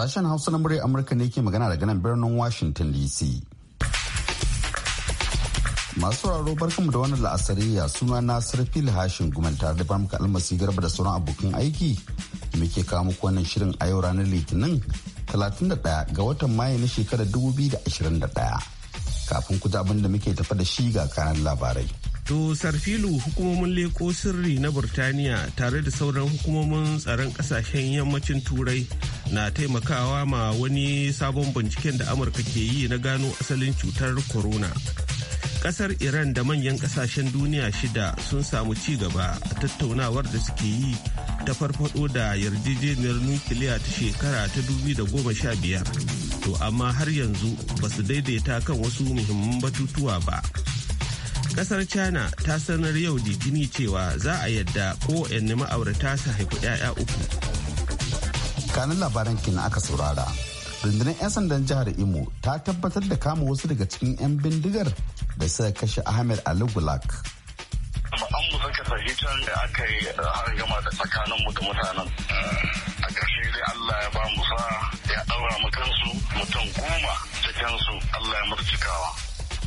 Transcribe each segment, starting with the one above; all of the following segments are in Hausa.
Sashen Hausa na murya Amurka ne ke magana daga nan birnin Washington DC. Masu sauraro barkanmu da wannan la'asariya suna na Sarfil Hashin Gumal tare da Bamka Almasi Garba da sauran abokan aiki muke kawo muku wannan shirin a yau ranar Litinin 31 ga watan Mayu na shekarar 2021. Kafin ku abin da muke tafa da shi ga kanan labarai. To Sarfilu hukumomin leko sirri na Burtaniya tare da sauran hukumomin tsaron kasashen yammacin Turai na taimakawa ma wani sabon binciken da amurka ke yi na gano asalin cutar corona kasar iran da manyan kasashen duniya shida sun samu ci gaba a tattaunawar da suke yi ta farfado da yarjejeniyar nukiliya ta shekara ta da goma sha biyar, to amma har yanzu ba su daidaita kan wasu muhimman batutuwa ba kasar china ta sanar yau litini cewa za a yadda kowanne ma'aurata su haifi 'ya'ya uku kanin labaran na aka saurara rundunar 'yan sandan jihar imo ta tabbatar da kama wasu daga cikin 'yan bindigar da suka kashe ahmed ali gulak an mu saka sahitan da aka yi uh, har gama da tsakanin mu da mutanen a ƙarshe dai allah ya ba mu sa ya ɗaura mu kansu mutum goma kansu allah ya mutu cikawa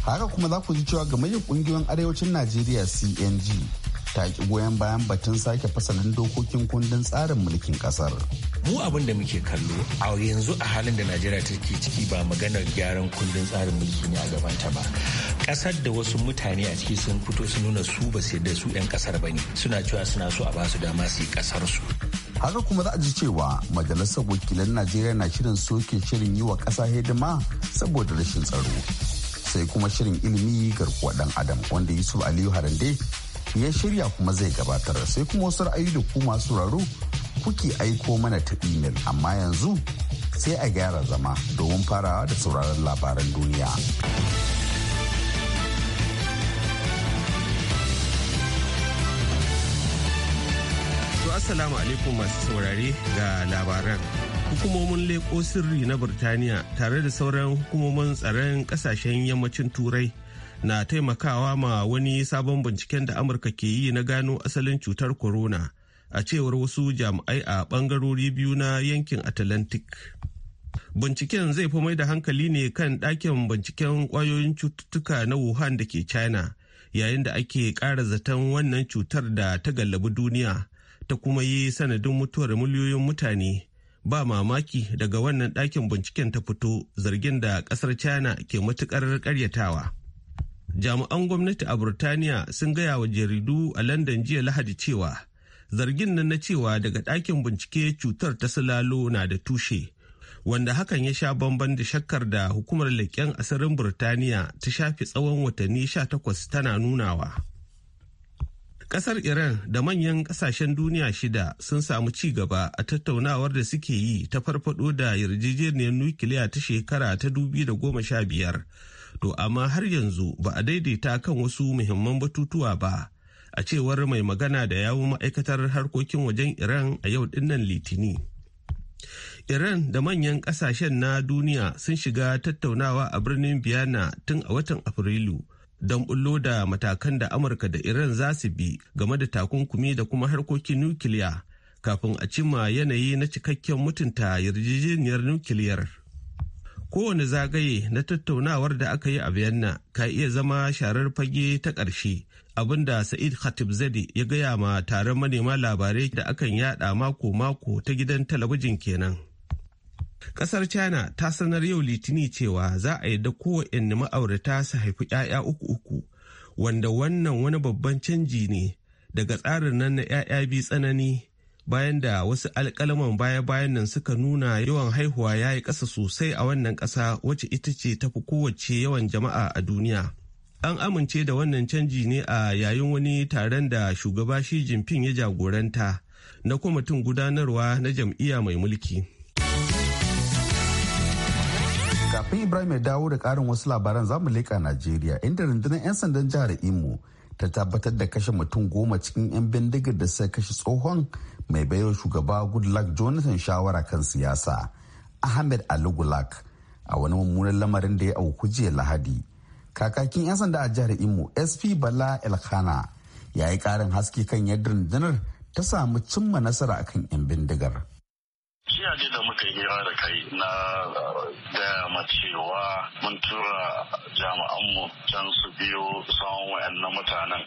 haka kuma za ku ji cewa gamayyar ƙungiyoyin arewacin najeriya cng ta ki goyon bayan batun sake fasalin dokokin kundin tsarin mulkin kasar. Mu abin da muke kallo a yanzu a halin da Najeriya take ciki ba maganar gyaran kundin tsarin mulki ne a gabanta ba. Kasar da wasu mutane a ciki sun fito su nuna su ba su da su 'yan kasar ba ne suna cewa suna so a ba su dama su yi kasar su. Haka kuma za a ji cewa majalisar wakilan Najeriya na shirin soke shirin yi wa ƙasa hidima saboda rashin tsaro. Sai kuma shirin ilimi garkuwa dan Adam wanda Yusuf Aliyu Harande ya shirya kuma zai gabatar sai kuma wasu ra'ayi da ku masu raro kuke aiko mana ta imel amma yanzu sai a gyara zama domin farawa da sauraron labaran duniya. Assalamu alaikum masu saurare ga labaran. Hukumomin leƙo sirri na Birtaniya tare da sauran hukumomin tsaron ƙasashen yammacin Turai na taimakawa ma wani sabon binciken da amurka ke yi na gano asalin cutar corona a cewar wasu jami'ai a bangarori biyu na yankin atlantic binciken zai fi mai da hankali ne kan ɗakin binciken ƙwayoyin cututtuka na wuhan da ke china yayin da ake ƙara zaton wannan cutar da ta gallabi duniya ta kuma yi sanadin mutuwar miliyoyin mutane ba mamaki daga wannan ɗakin binciken ta fito zargin da ƙasar china ke matuƙar ƙaryatawa. jami'an gwamnati a burtaniya sun gaya wa jaridu a london jiya lahadi cewa zargin nan na cewa daga ɗakin bincike cutar ta salalo na da tushe wanda hakan ya sha bamban da shakkar da hukumar leƙen asirin burtaniya ta shafi tsawon watanni 18 tana nunawa ƙasar iran da manyan ƙasashen duniya shida sun samu ci gaba a tattaunawar da suke yi ta farfado da yarjejeniyar nukiliya ta shekara ta 2015 to amma har yanzu ba a daidaita kan wasu muhimman batutuwa ba a cewar mai magana da yawun ma'aikatar harkokin wajen iran a yau dinnan litini iran da manyan kasashen na duniya sun shiga tattaunawa a birnin biyana tun a watan afrilu don bullo da matakan da amurka da iran za su bi game da takunkumi da kuma harkokin nukiliya kafin a cima yanayi na cikakken mutunta yarjejeniyar nukiliyar. kowane zagaye na tattaunawar da aka yi a vienna ka iya zama sharar fage ta ƙarshe abinda sa'id khatib zadi ya gaya ma taron manema labarai da akan yada mako-mako ta gidan talabijin kenan Ƙasar china ta sanar yau litini cewa za a yi da kowanne ma'aurata su haifi 'ya'ya uku-uku wanda wannan wani babban canji ne daga tsarin nan na 'ya'ya biyu tsanani bayan da wasu alkalaman baya-bayan nan suka nuna yawan haihuwa ya yi ƙasa sosai a wannan ƙasa wacce ita ce ta fi kowace yawan jama'a a duniya. An amince da wannan canji ne a yayin wani taron da shugaba shi Jinping ya jagoranta na kwamitin gudanarwa na jam'iyya mai mulki. Kafin Ibrahim ya dawo da ƙarin wasu labaran zamu leƙa Najeriya inda rundunar 'yan sandan jihar Imo ta tabbatar da kashe mutum goma cikin 'yan bindigar da suka kashe tsohon mai baiwa shugaba goodluck jonathan shawara kan siyasa ahmed ali gulak a wani mummunan lamarin da ya auku jiya lahadi kakakin 'yan sanda a jihar imo sp bala elkhana ya yi karin haske kan yadda rundunar ta samu cimma nasara akan 'yan bindigar da muka hira da kai na uh, gaya cewa mun tura jami'anmu can su biyo tsawon wa'annan mutanen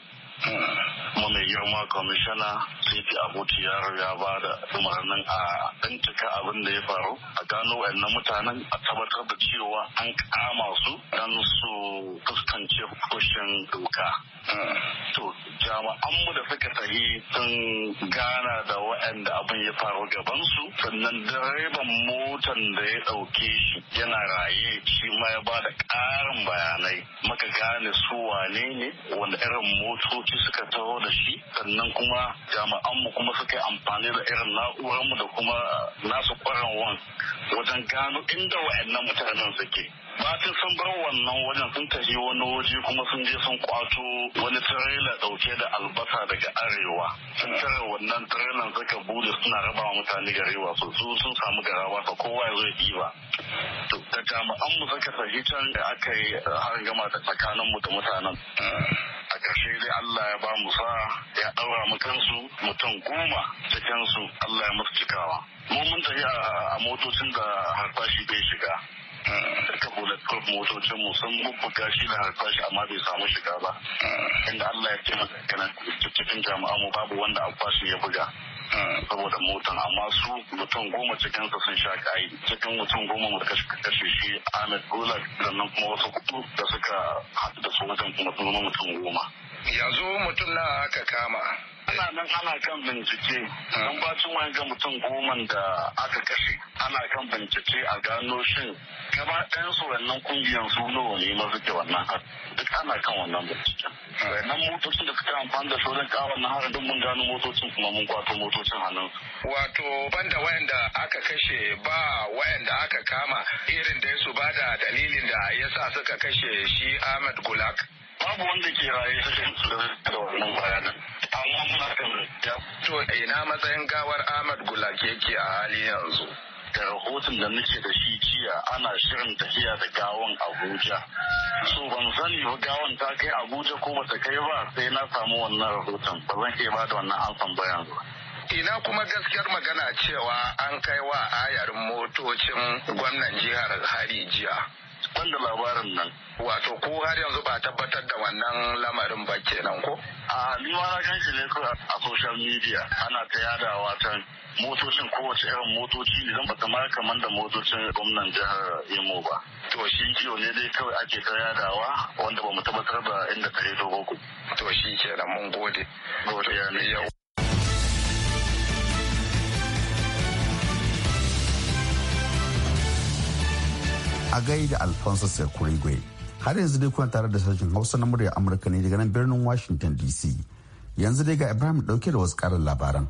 mai girma kwamishana titi abuti yaro ya ba da umarnin a bincika abin da ya faru a gano wayannan mutanen a tabbatar da cewa an kama su don su fuskance hukushin doka to jama'an mu da suka tafi sun gana da waɗanda abin ya faru gabansu sannan direban motan da ya ɗauke shi yana raye shi ma ya bada ƙarin bayanai maka gane su wane ne wanda irin motoci suka taho da shi sannan kuma jama'an mu kuma suka yi amfani da irin mu da kuma nasu ƙwararwan wajen gano inda waɗannan mutanen suke bayan sun bar wannan wajen sun tafi wani waje kuma sun je sun kwato wani tirela dauke da albasa daga arewa sun tare wannan tirelan suka bude suna raba wa mutane garewa su su sun samu garawa ta kowa ya zo ya to da jami'an mu suka sahi can da aka yi har gama da tsakanin mu da mutanen a ƙarshe dai Allah ya ba mu sa ya ɗaura mu kansu mutum goma cikin Allah ya musu cikawa mu mun tafi a motocin da harfashi bai shiga duka bulletproof motocin mu sun bubbuga shi da harsashi amma bai samu shiga ba inda Allah ya taimaka ganin cikin jami'an mu babu wanda akwashi ya buga saboda motan amma su mutum goma cikinsa sun sha kayi cikin mutum goma mu kashe shi Ahmed Gulag sannan kuma wasu kudu da suka haɗu da su wajen kuma sun zama mutum goma. Yanzu mutum na aka kama. ana nan ana kan bincike ah. don bacin wani ga mutum goman da aka kashe ana kan bincike a gano shin gaba ɗayan su wannan kungiyar su nawa ne ma suke wannan duk ana kan wannan bincike. Ah. wannan motocin da suka amfani da sauran kawo na harin mun gano motocin kuma mun kwato motocin hannun wato banda wayanda aka kashe ba wayanda aka kama irin da su ba da dalilin da ya sa suka kashe shi Ahmed Gulak babu wanda ke raye da wannan bayanan ina matsayin gawar ahmad gulak yake a hali yanzu da rahoton da nake da shi jiya ana shirin tafiya da gawon abuja so ban sani ba gawon ta kai abuja ko bata kai ba sai na samu wannan rahoton ba zan iya bada wannan amsan bayan ba ina kuma gaskiyar magana cewa an kai wa ayarin motocin gwamnan jihar hari jiya ban da labarin nan wato ko har yanzu ba tabbatar da wannan lamarin ba kenan ko a ni ma na ganshi ne ko a social media ana ta yadawa can motocin kowace irin motoci ne zan bata mara kamar da motocin gwamnan jihar Imo ba to shi kiyo ne dai kawai ake ta yadawa wanda ba mu tabbatar da inda ta yi dogo to shi kenan mun gode godiya ne yau a gaida alfonso sekurigwe har yanzu dai kuna tare da sashen hausa na muryar amurka ne daga nan birnin washington dc yanzu dai ga ibrahim dauke da wasu karin labaran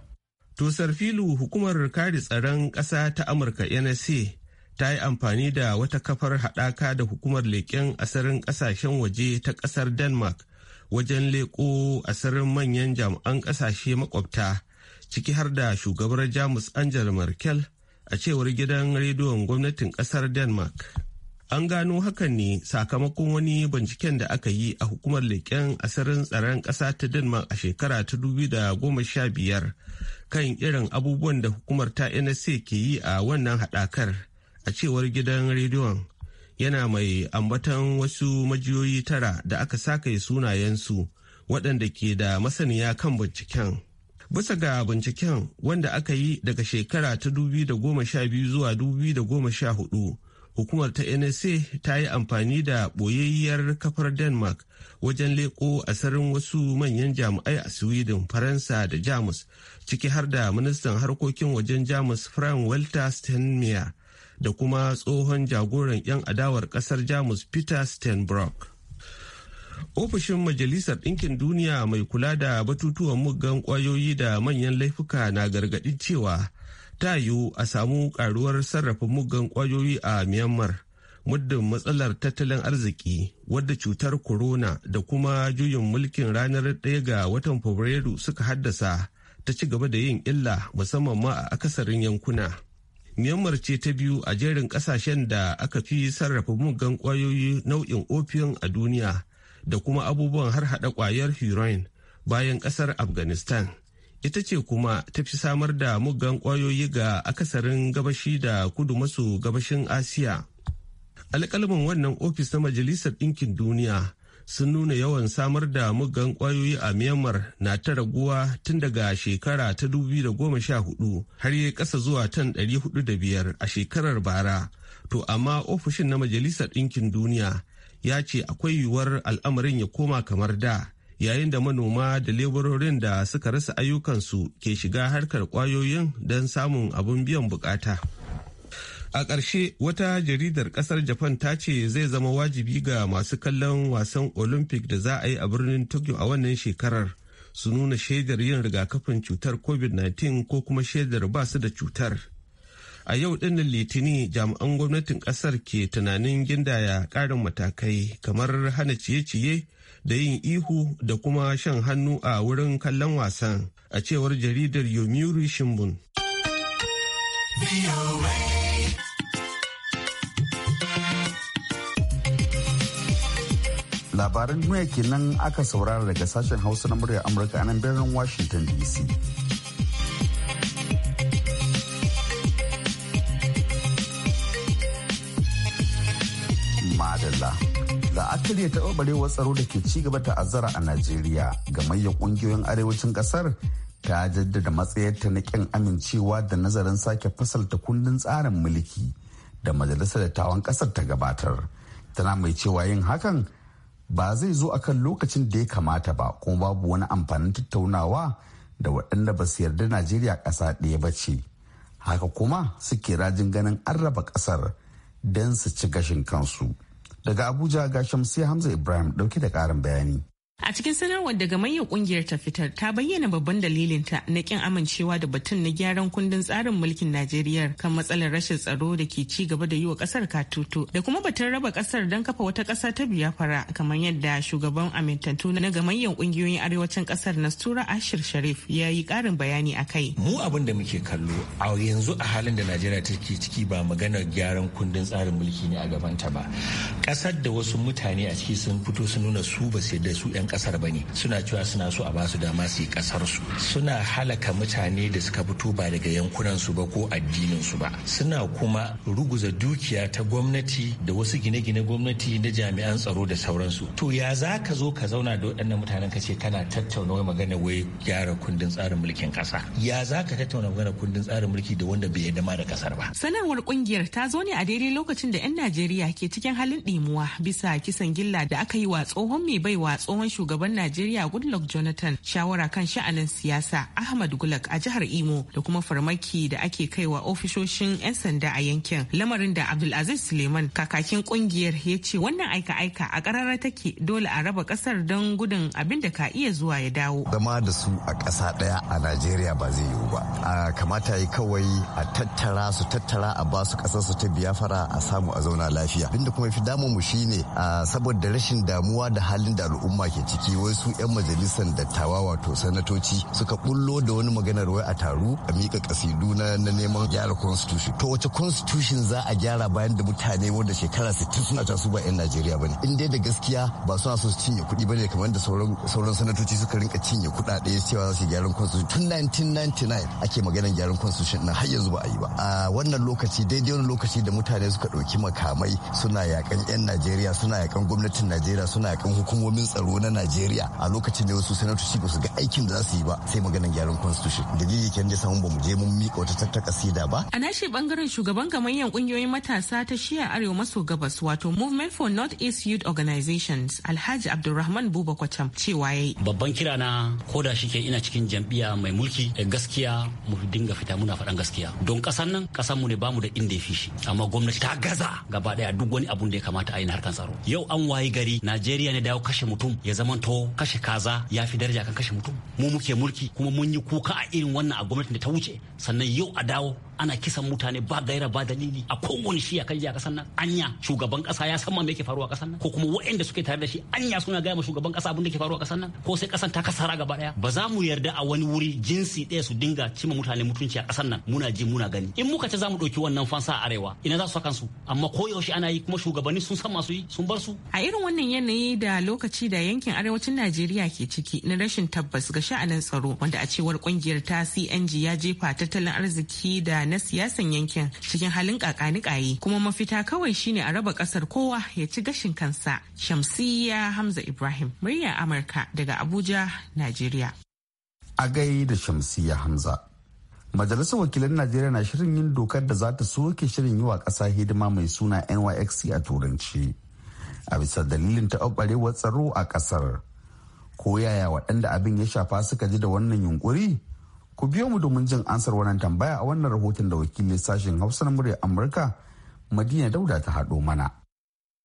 tusar filu hukumar kare tsaron ƙasa ta amurka nsa ta yi amfani da wata kafar haɗaka da hukumar leƙen asirin ƙasashen waje ta ƙasar denmark wajen leƙo asirin manyan jami'an ƙasashe makwabta ciki har da shugabar jamus angela merkel a cewar gidan rediyon gwamnatin ƙasar denmark An gano hakan ne sakamakon wani binciken da aka yi a hukumar leƙen asirin tsaron ƙasa ta Denmark a shekara ta da goma sha biyar kan irin abubuwan da hukumar ta NSA ke yi a wannan haɗakar a cewar gidan rediyon yana mai ambatan wasu majiyoyi tara da aka sakaye sunayensu waɗanda ke da masaniya kan binciken. Bisa ga binciken wanda aka yi daga shekara ta biyu zuwa sha hudu. hukumar ta nsa ta yi amfani da ɓoyayyiyar kafar denmark wajen leƙo asarin wasu manyan jami'ai a sweden faransa da jamus ciki har da ministan harkokin wajen jamus frank walter steinmeier da kuma tsohon jagoran 'yan adawar ƙasar jamus peter steinbrock ofishin majalisar ɗinkin duniya mai kula da batutuwan muggan kwayoyi da manyan laifuka na gargaɗi cewa ta yiwu a samu karuwar sarrafa muggan kwayoyi a myanmar muddin matsalar tattalin arziki wadda cutar corona da kuma juyin mulkin ranar 1 ga watan fabrairu suka haddasa ta ci gaba da yin illa musamman ma a akasarin yankuna myanmar ce ta biyu a jerin kasashen da aka fi sarrafa muggan kwayoyi nau'in opium a duniya da kuma abubuwan har hada kwayar heroin bayan kasar afghanistan ita ce kuma ta fi samar da muggan kwayoyi ga akasarin gabashi da kudu maso gabashin asiya alƙalamin wannan ofis na majalisar ɗinkin duniya sun nuna yawan samar da muggan kwayoyi a Myanmar na ta raguwa tun daga shekara ta 2014 har yi kasa zuwa tan 405 a shekarar bara. To amma ofishin na Majalisar Ɗinkin Duniya ya ce akwai yiwuwar al'amarin ya koma kamar da yayin da manoma da leburorin da suka rasa ayyukansu ke shiga harkar kwayoyin don samun abin biyan bukata. A ƙarshe wata jaridar ƙasar Japan ta ce zai zama wajibi ga masu kallon wasan Olympic da za a yi a birnin Tokyo a wannan shekarar su nuna shaidar yin rigakafin cutar COVID-19 ko kuma shaidar ba su da cutar. A yau ɗin Litini jami'an gwamnatin ƙasar ke tunanin gindaya ƙarin matakai kamar hana ciye-ciye da yin ihu da kuma shan hannu a wurin kallon wasan a cewar jaridar Yomiuri Shimbun. Labaran duniya kenan aka saurara daga sashen Hausa na murya Amurka a nan birnin Washington DC. shirya taɓarɓarewar tsaro da ke ci gaba azara a najeriya gamayyar ƙungiyoyin arewacin ƙasar ta jaddada matsayarta na ƙin amincewa da nazarin sake fasalta kundin tsarin mulki da majalisar dattawan ƙasar ta gabatar tana mai cewa yin hakan ba zai zo a kan lokacin da ya kamata ba kuma babu wani amfanin tattaunawa da waɗanda ba su yarda najeriya ƙasa ɗaya ba ce haka kuma suke rajin ganin an raba ƙasar don su ci gashin kansu. Daga Abuja ga Shamsi Hamza Ibrahim dauke da karin bayani. A cikin sanarwar daga manyan kungiyar ta fitar ta bayyana babban dalilinta na kin amincewa da batun na gyaran kundin tsarin mulkin Najeriya kan matsalar rashin tsaro da ke ci gaba da yi wa kasar katutu da kuma batun raba kasar don kafa wata kasa ta biya fara kamar yadda shugaban amintattu na ga manyan kungiyoyin arewacin kasar Nastura Ashir Sharif ya yi karin bayani a kai. Mu abin da muke kallo a yanzu a halin da Najeriya take ciki ba maganar gyaran kundin tsarin mulki ne a gabanta ba. Kasar da wasu mutane a ciki sun fito sun nuna su ba sai da su kasar bane suna cewa suna so a ba su dama su yi kasar su suna halaka mutane da suka fito ba daga yankunan su ba ko addinin su ba suna kuma ruguza dukiya ta gwamnati da wasu gine-gine gwamnati na jami'an tsaro da sauransu to ya za ka zo ka zauna da waɗannan mutanen ka ce kana tattauna wai magana wai gyara kundin tsarin mulkin kasa ya za ka tattauna magana kundin tsarin mulki da wanda bai yadda ma da kasar ba sanarwar kungiyar ta zo ne a daidai lokacin da 'yan najeriya ke cikin halin ɗimuwa bisa kisan gilla da aka yi wa tsohon mai baiwa tsohon shugaban Najeriya Goodluck Jonathan shawara kan sha'anin siyasa Ahmad Gulak a jihar Imo da kuma farmaki da ake kaiwa ofishoshin 'yan sanda a yankin. Lamarin da Abdulaziz Suleiman kakakin kungiyar ya ce wannan aika-aika a karara take dole a raba kasar don gudun abin da ka iya zuwa ya dawo. Zama da su a kasa ɗaya a Najeriya ba zai yiwu ba. A kamata yi kawai a tattara su tattara a ba su ƙasar su ta biyafara a samu a zauna lafiya. Abinda kuma fi damun mu shine saboda rashin damuwa da halin da al'umma ke ciki wai su 'yan majalisar dattawa wato sanatoci suka bullo da wani maganar wai a taru a mika kasidu na neman gyara constitution to wace constitution za a gyara bayan da mutane wanda shekara 60 suna ta su ba 'yan najeriya bane in dai da gaskiya ba suna so su cinye kuɗi ne kamar da sauran sanatoci suka rinka cinye kuɗaɗe cewa za su gyara constitution tun 1999 ake maganar gyara constitution na har yanzu ba a yi ba a wannan lokaci daidai wani lokaci da mutane suka ɗauki makamai suna yakan 'yan najeriya suna yakan gwamnatin najeriya suna yakan hukumomin tsaro na Najeriya a lokacin da wasu sanatoci ba su ga aikin da za su yi ba sai maganin gyaran constitution da kenan da samun bamu bamu je mun miƙa wata tattaka sida ba. A nashi bangaren shugaban gamayyan kungiyoyin matasa ta shiya arewa maso gabas wato Movement for North East Youth Organizations Alhaji Abdulrahman Buba Kwacham cewa yayi. Babban kira na ko da shike ina cikin jam'iyya mai mulki eh, gaskiya mu dinga fita muna faɗan gaskiya don kasan nan ƙasar mu ne bamu da inda ya fi shi amma gwamnati ta gaza gaba daya duk wani abun da ya kamata a yi na tsaro. Yau an wayi gari Najeriya ne da ya kashe mutum ya zama zamanto kashe kaza ya fi daraja kan kashe mutum mu muke mulki kuma mun yi kuka a irin wannan a gwamnatin da ta wuce sannan yau a dawo ana kisan mutane ba gaira ba dalili a kowane shi kan jiya kasan nan anya shugaban kasa ya san ma me ke faruwa kasan nan ko kuma waɗanda suke tare da shi anya suna gaya ma shugaban kasa abin da ke faruwa kasan nan ko sai kasan ta kasara gaba daya ba za mu yarda a wani wuri jinsi ɗaya su dinga cima mutane mutunci a kasan nan muna ji muna gani in muka ce za mu ɗauki wannan fansa a arewa ina za su saka su amma ko yaushe ana yi kuma shugabanni sun san masu yi sun bar su a irin wannan yanayi da lokaci da yankin arewacin Najeriya ke ciki na rashin tabbas ga sha'anin tsaro wanda a cewar kungiyar ta CNG ya jefa tattalin arziki da na siyasan yankin cikin halin kakanikaye kuma mafita kawai shine a raba kasar kowa ya ci gashin kansa shamsiya hamza ibrahim murya amurka daga abuja najeriya a gai da shamsiya hamza majalisar wakilan najeriya na shirin yin dokar da za ta soke shirin yi wa ƙasa hidima mai suna nyxc a turanci a bisa dalilin taɓarɓarewar tsaro a ƙasar ko yaya waɗanda abin ya shafa suka ji da wannan yunkuri Ku biyo mu domin jin ansar wannan tambaya a wannan rahoton da wakilin sashen Hausa na murya Amurka Madina Dauda ta haɗo mana.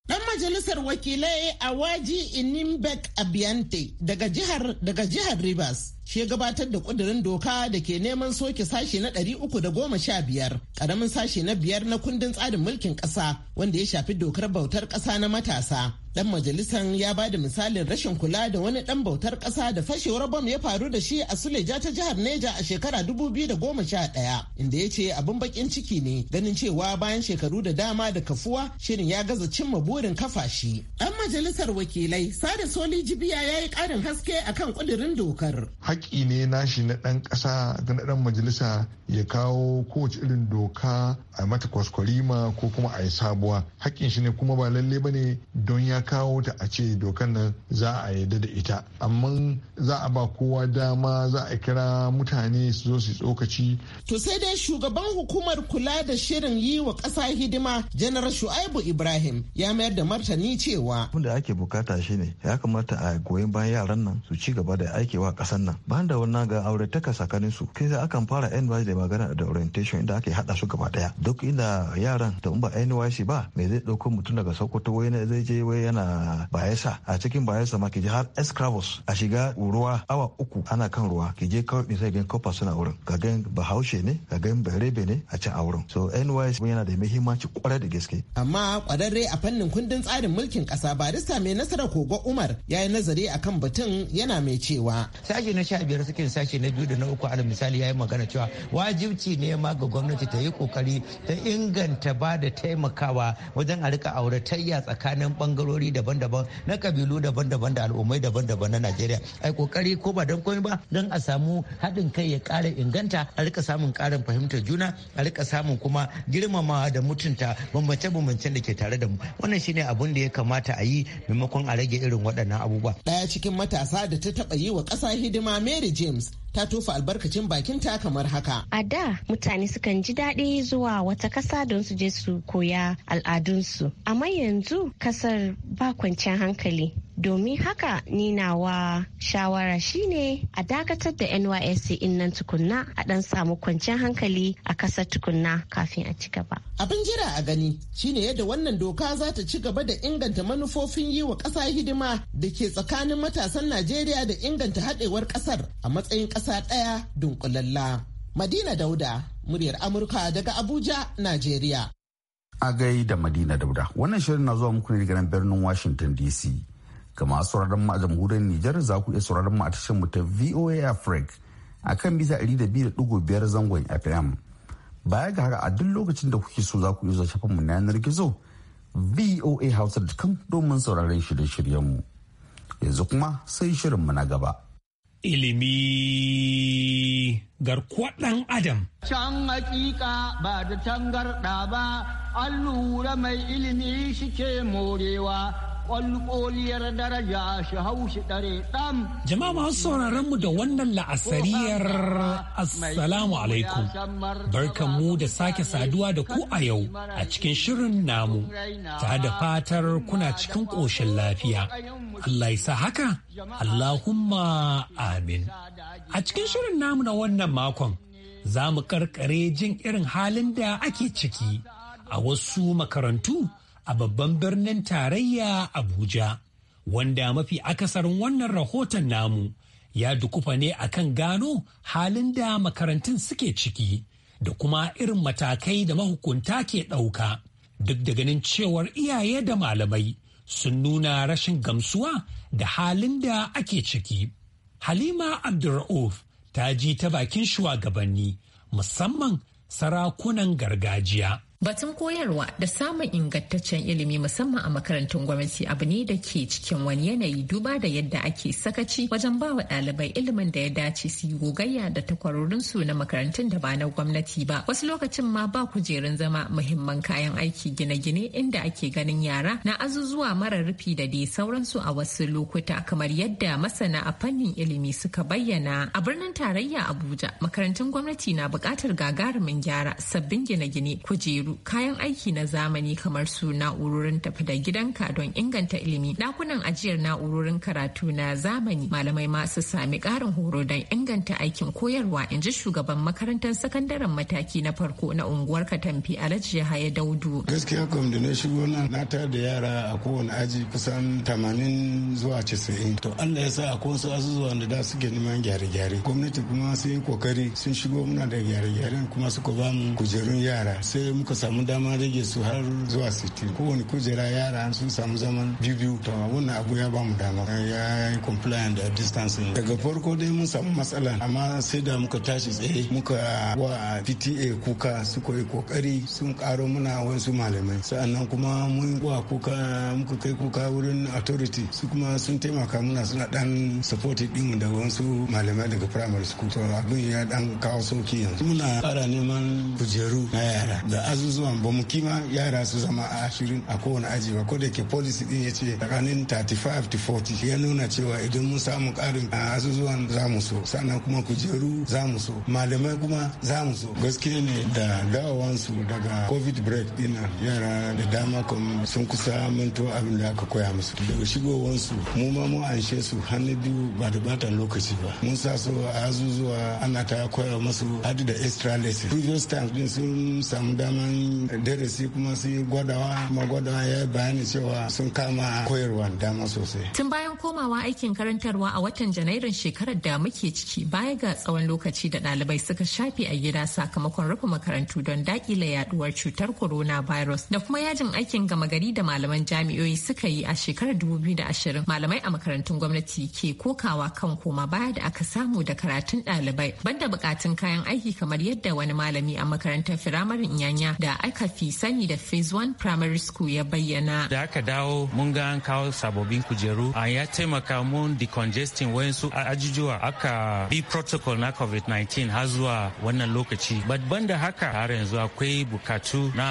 Ɗan majalisar wakilai a waji Inimbek Abiyante daga jihar daga jihar Rivers shi ya gabatar da kudirin doka da ke neman soke sashe na ɗari uku da goma sha biyar sashe na biyar na kundin tsarin mulkin ƙasa wanda ya shafi dokar bautar ƙasa na matasa dan majalisar ya ba da misalin rashin kula da wani dan bautar kasa da fashewar bom ya faru da shi a suleja ta jihar neja a shekara 2011 inda ya ce abin bakin ciki ne ganin cewa bayan shekaru da dama da kafuwa shirin ya gaza cimma burin kafa shi dan majalisar wakilai sada soli jibiya ya yi karin haske akan kudirin dokar haƙƙi ne nashi na ɗan ƙasa ga na ɗan majalisa ya kawo kowace irin doka a mata kwaskwarima ko kuma a yi sabuwa haƙƙin shi ne kuma ba lalle ba ne don ya kawo ta a ce dokan nan za a yarda da ita amma za a ba kowa dama za a kira mutane su zo su tsokaci. to sai dai shugaban hukumar kula da shirin yi wa ƙasa hidima janar shu'aibu ibrahim ya mayar da martani cewa. abin da ake bukata shine ya kamata a goyon bayan yaran nan su ci gaba da aikewa ƙasar nan ban da wannan ga aurataka tsakanin su kai akan fara NYC da magana da orientation inda ake hada su gaba daya duk inda yaran da ba NYC ba me zai dauko mutum daga Sokoto wai zai je wai yana bayasa a cikin bayasa ma ki je har Escravos a shiga ruwa awa uku ana kan ruwa ki je kawai sai gan kofa suna wurin ka gan Bahaushe ne ka gan Berebe ne a can a wurin so NYC yana da muhimmanci kwarai da gaske amma kwararre a fannin kundin tsarin mulkin kasa barista mai nasara kogo Umar ya yi nazari akan batun yana mai cewa sai na sha sha biyar suke sashe na biyu da na uku alal misali ya yi magana cewa wajibci ne ma ga gwamnati ta yi kokari ta inganta ba da taimakawa wajen a rika auratayya tsakanin bangarori daban-daban na kabilu daban-daban da al'ummai daban-daban na najeriya ai kokari ko ba don komai ba don a samu haɗin kai ya ƙara inganta a rika samun ƙarin fahimtar juna a rika samun kuma girmamawa da mutunta bambance-bambancen da ke tare da mu wannan shine abun da ya kamata a yi maimakon a rage irin waɗannan abubuwa ɗaya cikin matasa da ta taɓa yi wa ƙasa hidima mary james ta tofa albarkacin bakinta kamar haka. A da mutane sukan ji daɗi zuwa wata ƙasa don su je su koya al'adunsu. Amma yanzu ƙasar ba kwanciyar hankali. domin haka ni nawa shawara shine a dakatar da nysc in nan tukunna a dan samu kwanciyar hankali a kasar tukunna kafin a ci gaba abin jira a gani shine yadda wannan doka za ta ci gaba da inganta manufofin yi wa ƙasa hidima da ke tsakanin matasan najeriya da inganta haɗewar ƙasar a matsayin ƙasa ɗaya dunkulalla madina dauda muryar amurka daga abuja najeriya agai da madina dauda wannan shirin na zuwa muku ne daga birnin washington dc Ga masu sauraron mu a jamhuriyar Nijar za ku iya sauraron mu a tashar mu ta VOA Africa a kan bisa 200.5 zangon FM. Baya ga haka a duk lokacin da kuke so za ku iya zuwa mu na yanar gizo hausa da kan domin sauraron shirye mu Yanzu kuma sai shirin mu na gaba. Ilimi garkuwa ɗan Adam. Can hakika ba da tangarɗa ba, an lura mai ilimi shi ke morewa ƙwalƙoliyar daraja shi Jama'a masu sauraron mu da wannan la'asariyar Assalamu alaikum. Barkan mu da sake saduwa da ku a yau a cikin shirin namu. Ta da fatar kuna cikin ƙoshin lafiya. Allah ya sa haka? Allahumma amin. A cikin shirin namu na wannan makon za mu karkare jin irin halin da ake ciki a wasu makarantu. a babban birnin tarayya Abuja, wanda mafi akasarin wannan rahoton namu ya dukufa ne kan gano halin da makarantun suke ciki da kuma irin matakai da mahukunta ke ɗauka, duk da ganin cewar iyaye da malamai sun nuna rashin gamsuwa da halin da ake ciki. Halima Abdur'uf ta ji ta bakin shugabanni musamman sarakunan gargajiya. Batun koyarwa da samun ingantaccen ilimi musamman a makarantun gwamnati abu ne da ke cikin wani yanayi duba da yadda ake sakaci wajen ba wa ɗalibai ilimin da ya dace su yi gogayya da takwarorinsu na makarantun da ba na gwamnati ba. Wasu lokacin ma ba kujerun zama muhimman kayan aiki gine-gine inda ake ganin yara na azuzuwa mara rufi da dai sauransu a wasu lokuta kamar yadda masana a fannin ilimi suka bayyana. A birnin tarayya Abuja makarantun gwamnati na buƙatar gagarumin gyara sabbin gine-gine kujeru kayan aiki na zamani kamar su na'urorin tafi da gidanka don inganta ilimi dakunan ajiyar na'urorin karatu na zamani malamai masu sami ƙarin horo don inganta aikin koyarwa in ji shugaban makarantar sakandaren mataki na farko na unguwar katamfi alhaji yahaya daudu gaskiya kam da na shigo nan na tar da yara a kowane aji kusan tamanin zuwa casa'in to allah ya sa a kowasu azuzuwan da da suke neman gyare-gyare gwamnati kuma sun yi kokari sun shigo muna da gyare-gyaren kuma suka ba kujerun yara sai muka samu dama rage su har zuwa 60 kowane kujera yara sun samu zaman biyu to wannan abu ya bamu dama ya yi compliant da distancing daga farko dai mun samu matsala amma sai da muka tashi tsaye muka wa PTA kuka su koyi kokari sun karo muna wasu malamai sa'annan kuma mun wa kuka muka kai kuka wurin authority su kuma sun taimaka muna suna dan support din da wasu malamai daga primary school to abin ya dan kawo sauki yanzu muna fara neman kujeru na yara da azu zuwan ba mu kima yara su zama a ashirin a kowane aji ba ko da ke policy din ya ce tsakanin 35 to 40 ya nuna cewa idan mun samu karin azuzuwan za mu so sannan kuma kujeru za mu so malamai kuma za mu so gaskiya ne da dawowansu daga covid break dinnan yara da dama kuma sun kusa mantuwa abin da aka koya musu daga shigowansu mu ma mu anshe su hannu biyu ba da batan lokaci ba mun sa so a azuzuwa ana ta koya musu hadu da extra lesson previous times din sun samu dama sun darasi kuma sun gwadawa kuma gwadawa ya bayani cewa sun kama koyarwa dama sosai. Tun bayan komawa aikin karantarwa a watan Janairun shekarar da muke ciki baya ga tsawon lokaci da ɗalibai suka shafe a gida sakamakon rufe makarantu don dakile yaduwar cutar virus da kuma yajin aikin gama gari da malaman jami'o'i suka yi a shekarar dubu biyu da ashirin, malamai a makarantun gwamnati ke kokawa kan koma baya da aka samu da karatun ɗalibai banda bukatun kayan aiki kamar yadda wani malami a makarantar firamarin yanya da aka fi sani da phase 1 primary school ya bayyana. Da aka dawo mun ga an kawo sababbin kujeru a ya taimaka mun decongesting wayansu ajujuwa aka bi protocol na COVID-19 har zuwa wannan lokaci. Babban da haka har yanzu akwai bukatu na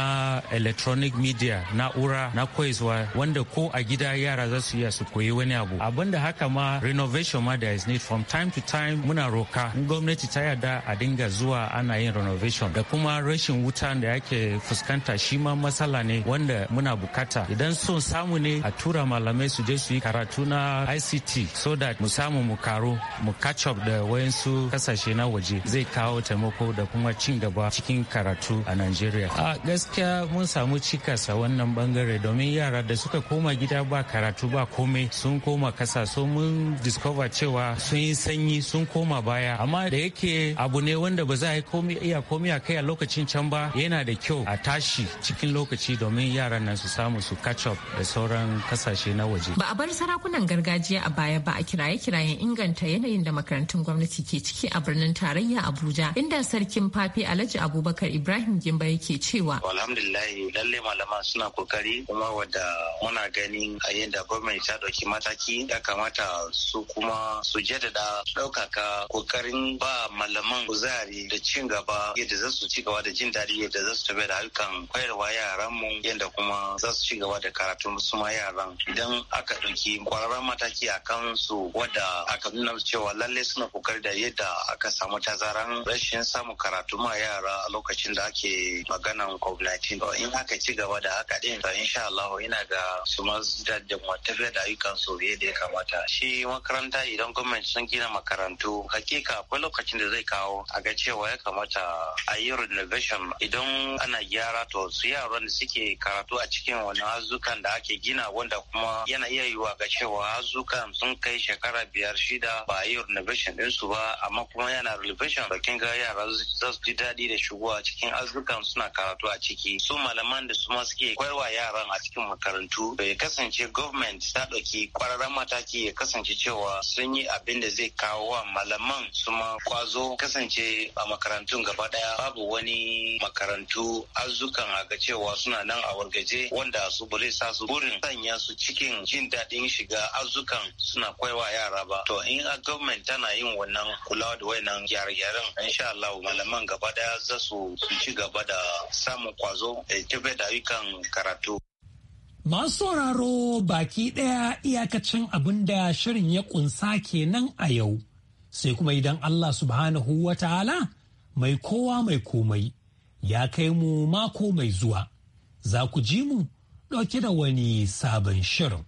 electronic media na ura na koyiswa wanda ko a gida yara za su iya su koyi wani abu. Abin da haka ma renovation ma is need from time to time muna roka gwamnati ta yarda a dinga zuwa ana yin renovation da kuma rashin wuta da yake fuskanta shi ma matsala ne wanda muna bukata idan so samu ne a tura malamai su je su yi karatu na ICT so that mu samu mu karo mu catch up da wayansu kasashe na waje zai kawo taimako da kuma cin gaba cikin karatu a nigeria. A gaskiya mun samu cikas a wannan bangare domin yara da suka koma gida ba karatu ba komai sun koma kasa so mun discover cewa sun yi sanyi sun koma baya amma da yake abu ne wanda ba za a yi iya komai a kai a lokacin can ba yana da kyau kyau a tashi cikin lokaci domin yaran nan su samu su catch up da sauran kasashe na waje. Ba a bar sarakunan gargajiya a baya ba a kiraye-kirayen inganta yanayin da makarantun gwamnati ke ciki a birnin tarayya Abuja inda sarkin fafi Alhaji Abubakar Ibrahim Gimba yake cewa. Alhamdulillah lalle malama suna kokari kuma wadda muna gani a yadda gwamnati ta dauki mataki ya kamata su kuma su jaddada ɗaukaka kokarin ba malaman kuzari da cin gaba yadda za su ci gaba da jin daɗi yadda za su gaba da harkan koyarwa yaran mu yadda kuma za su ci gaba da karatun su ma yaran idan aka ɗauki kwararren mataki a kan su wadda aka nuna cewa lalle suna kokari da yadda aka samu tazaran rashin samun karatu ma yara a lokacin da ake maganan covid-19 in aka ci gaba da haka din to insha Allah ina ga su ma da mu da ayyukan su yadda ya kamata shi makaranta idan gwamnati sun gina makarantu hakika akwai lokacin da zai kawo a ga cewa ya kamata a yi renovation idan an ana gyara to su yaran da suke karatu a cikin wani hazukan da ake gina wanda kuma yana iya yiwa ga cewa hazukan sun kai shekara biyar shida ba a yi renovation ɗinsu ba amma kuma yana renovation da kin ga yara za su ji daɗi da shigowa cikin hazukan suna karatu a ciki su malaman da su ma suke yaran a cikin makarantu bai kasance government ta ɗauki ƙwararren mataki ya kasance cewa sun yi abin da zai kawo wa malaman su ma kwazo kasance a makarantun gaba ɗaya babu wani makarantu arzukan a ga cewa suna nan a wargaje wanda su bari sa su burin sanya su cikin jin daɗin shiga arzukan suna kwaiwa yara ba to in a gwamnati tana yin wannan kula da wayannan gyare-gyaren insha Allah malaman gaba daya za su ci gaba da samun kwazo da eh, tafiya da ayyukan karatu Masu sauraro baki ɗaya iyakacin abin da shirin ya ƙunsa kenan a yau, sai kuma idan Allah subhanahu wa ta'ala mai kowa mai komai ya kai mu mako mai zuwa za ku ji mu ɗauke da wani sabon shirin.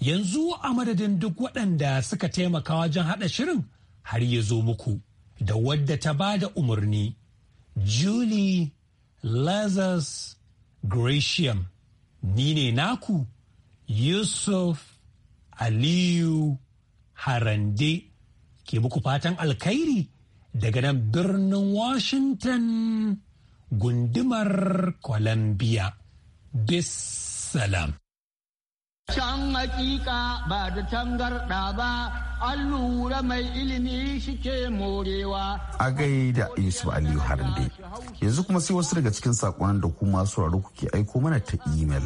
Yanzu a madadin duk waɗanda suka taimaka wajen haɗa shirin har ya zo muku da wadda ta ba da umarni. Julie Lazarus Gratiam, ni ne naku Yusuf Aliyu Harande ke muku fatan alkhairi daga nan birnin Washington. gundumar Columbia. Bissalam. Can hakika ba da tangarɗa ba, an lura mai ilimi shi ke morewa. A gaida Yusuf Aliyu Harande. Yanzu kuma sai wasu daga cikin saƙonan da kuma sauraro kuke aiko mana ta imel.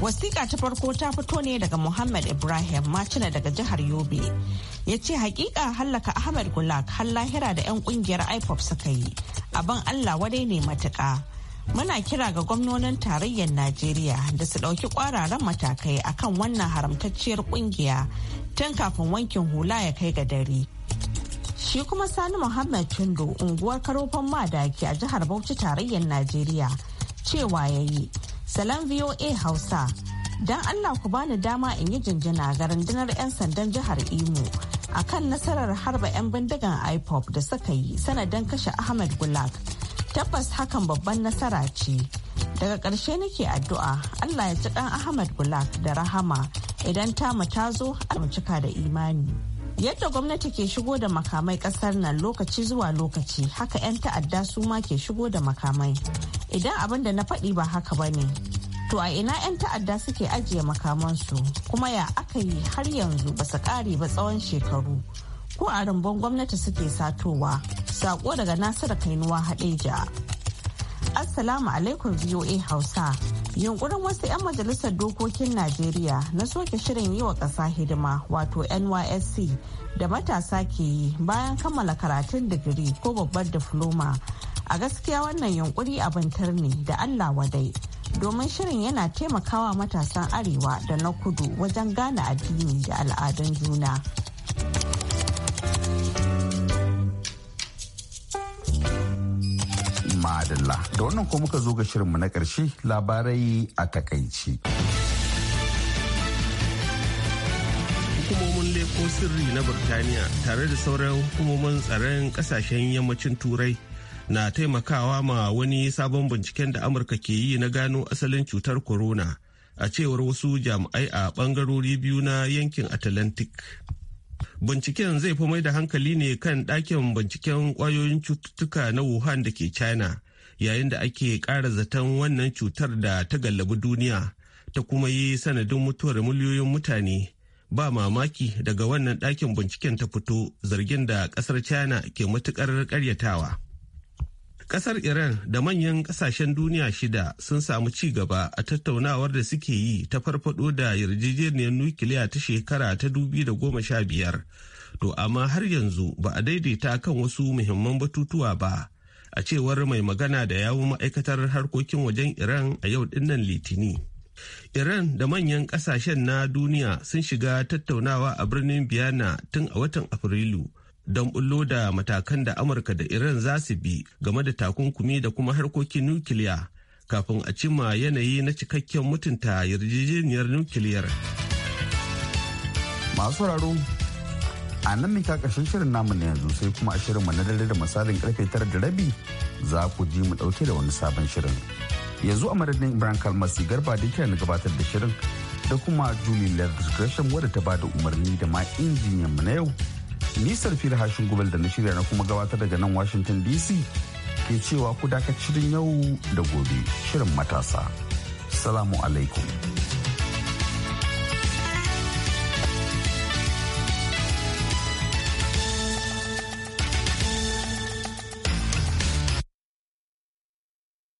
Wasiƙa ta farko ta fito ne daga Muhammad Ibrahim Macina daga jihar Yobe. Ya ce hakika hallaka Ahmad Gulak har lahira da 'yan kungiyar IPOP suka yi. Abin Allah wadai ne matuƙa. Muna kira ga gwamnonin tarayyar Najeriya da su ɗauki ƙwararan matakai akan wannan haramtacciyar ƙungiya tun kafin wankin hula ya kai ga dare. Shi kuma Sani Muhammad Tundo unguwar Karofan Madaki a jihar Bauchi tarayyar Najeriya cewa ya yi salam VOA Hausa. Don Allah ku bani dama in yi jinjina ga rundunar 'yan sandan jihar Imo a kan nasarar harba 'yan bindigan IPOP da suka yi sanadin kashe Ahmed Gulak. Tabbas hakan babban nasara ce. Daga ƙarshe nake addu'a Allah ya ci ɗan Ahmed Gulak da rahama idan tamu ta zo cika da imani. Yadda gwamnati ke shigo da makamai kasar nan lokaci zuwa lokaci haka 'yan ta'adda su ma ke shigo da makamai. Idan abin da na faɗi ba haka ba ne. To a ina 'yan ta'adda suke ajiye makamansu kuma ya aka yi har yanzu ba su ƙare ba tsawon shekaru. Ko a rumbun gwamnati suke satowa. Sako daga Nasiru Kainuwa Hadeja. Assalamu alaikum VOA Hausa. Yunkurin wasu 'yan majalisar dokokin Najeriya na soke shirin yi wa ƙasa hidima wato NYSC da matasa ke yi bayan kammala karatun digiri ko babbar difloma. A gaskiya wannan yunkuri abin tarni da Allah wadai. Domin shirin yana taimakawa matasan arewa da na kudu wajen gane addini da al'adun juna. Madalla. Da wannan kuma muka zo ga shirinmu na ƙarshe labarai a takaici. Hukumomin leko sirri na Burtaniya tare da sauran hukumomin tsaron ƙasashen yammacin Turai na taimakawa ma wani sabon binciken da Amurka ke yi na gano asalin cutar corona a cewar wasu jami'ai a ɓangarori biyu na yankin Atlantic. binciken zai fi mai da hankali ne kan ɗakin binciken ƙwayoyin cututtuka na wuhan da ke china yayin da ake ƙara zaton wannan cutar da ta gallabi duniya ta kuma yi sanadin mutuwar miliyoyin mutane ba mamaki daga wannan ɗakin binciken ta fito zargin da ƙasar china ke matuƙar ƙaryatawa. Kasar Iran da manyan kasashen duniya shida sun samu ci gaba a tattaunawar da suke yi ta farfado da yarjejeniyar nukiliya ta shekara ta da biyar To amma har yanzu ba a daidaita kan wasu muhimman batutuwa ba. A cewar mai magana da yawun ma'aikatar harkokin wajen Iran a yau dinnan Litini. Iran da manyan kasashen na duniya sun shiga tattaunawa a birnin Biyana tun a watan Afrilu. don bullo da matakan da amurka da iran za su bi game da takunkumi da kuma harkokin nukiliya kafin a cimma yanayi na cikakken mutunta yarjejeniyar nukiliyar masu raro a nan mika ƙarshen shirin namu na yanzu sai kuma a shirin na dare da misalin karfe tara da rabi za ku ji mu ɗauke da wani sabon shirin yanzu a madadin ibrahim kalmasi garba da kira na gabatar da shirin da kuma julie lagos gresham wadda ta bada umarni da ma injiniyan mu na yau nisar fili hashin gubal da na shirya na kuma gabatar daga nan washington dc ke cewa ku dakacirin yau da gobe shirin matasa salamu alaikum